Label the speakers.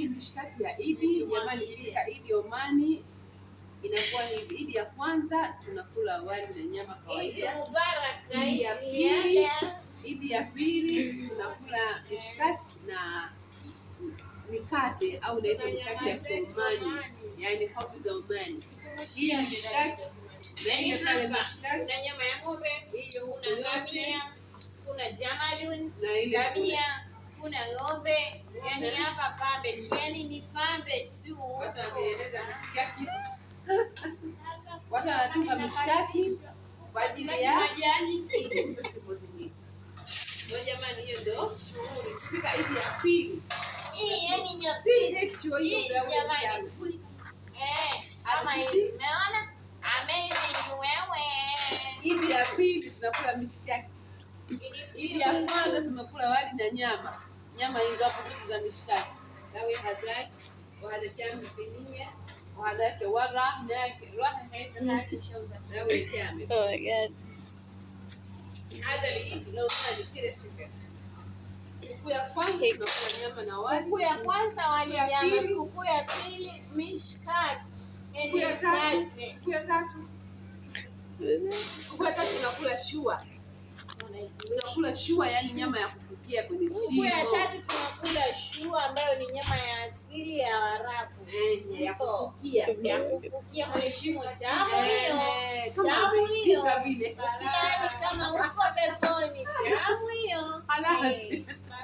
Speaker 1: Hii mishikaki ya Idi jamani, ilika Idi Omani inakuwa ni Idi ya kwanza tunakula wali na nyama kawaida. Idi ya pili, tunakula mishkati na mikate au inaitwa mikate ya Kiomani, yani hofu yaani za Omani.
Speaker 2: Hii mishikaki kuna jamali, kuna ngamia, kuna ng'ombe Yani hapa pambe tu, yani ni pambe
Speaker 1: tu. Watu wanatunga mishikaki kwa ajili ya majani. Ndio jamani, hiyo ndio shughuli. Kufika hivi ya pili.
Speaker 2: Hii yani jamani. Eh, kama hivi. Umeona? Amazing wewe.
Speaker 1: Hivi ya pili tunakula mishikaki. Hivi ya kwanza tumekula wali na nyama. Nyama hizo hapo zote za mishikaki. Dawa hazaki wala kama sinia wala kwara na roha haita shauza. Dawa kama. Oh god. Hada hii ndio sana kile shika. Siku ya kwanza tunakula nyama na wali.
Speaker 2: Siku ya kwanza wali nyama, siku ya pili mishikaki.
Speaker 1: Siku ya tatu tunakula shua tunakula shua, yani nyama ya kufukia
Speaker 2: kwenye shingo. Ya tatu tunakula shua ambayo ni nyama ya asili ya Arabu
Speaker 1: eh, ya kufukia
Speaker 2: ya kufukia kwenye shingo. Tamu eh, hiyo hiyo yaani kama uko peponi, tamu hiyo.